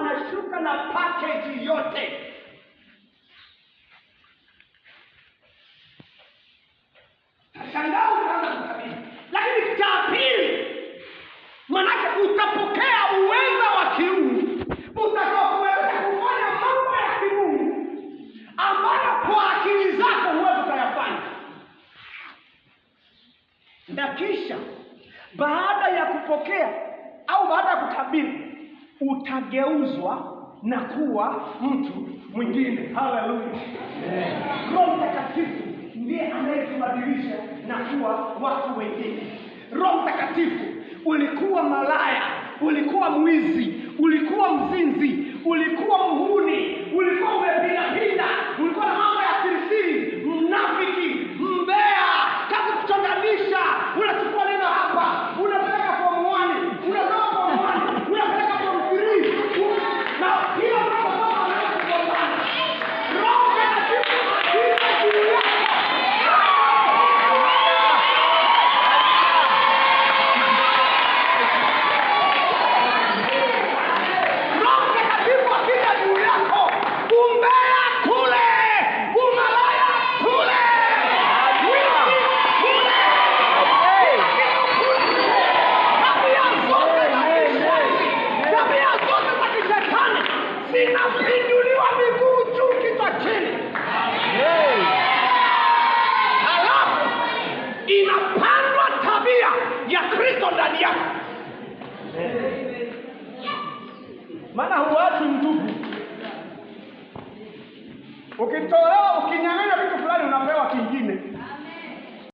wanashuka na package yote. Tashangaa utaanza kukabili, lakini cha pili, manake utapokea uwezo wa kiungu utakaokuweza kufanya mambo ya kimungu ambayo kwa akili zako huwezi utayafanya, na kisha baada ya kupokea au baada ya kutabiri utageuzwa na kuwa mtu mwingine. Haleluya! Roho Mtakatifu ndiye anayetubadilisha na kuwa watu wengine. Roho Mtakatifu, ulikuwa malaya, ulikuwa mwizi, ulikuwa aliinuliwa miguu juu kichwa chini hey. halafu inapandwa tabia ya kristo ndani yako maana huwachi mtupu ukitoa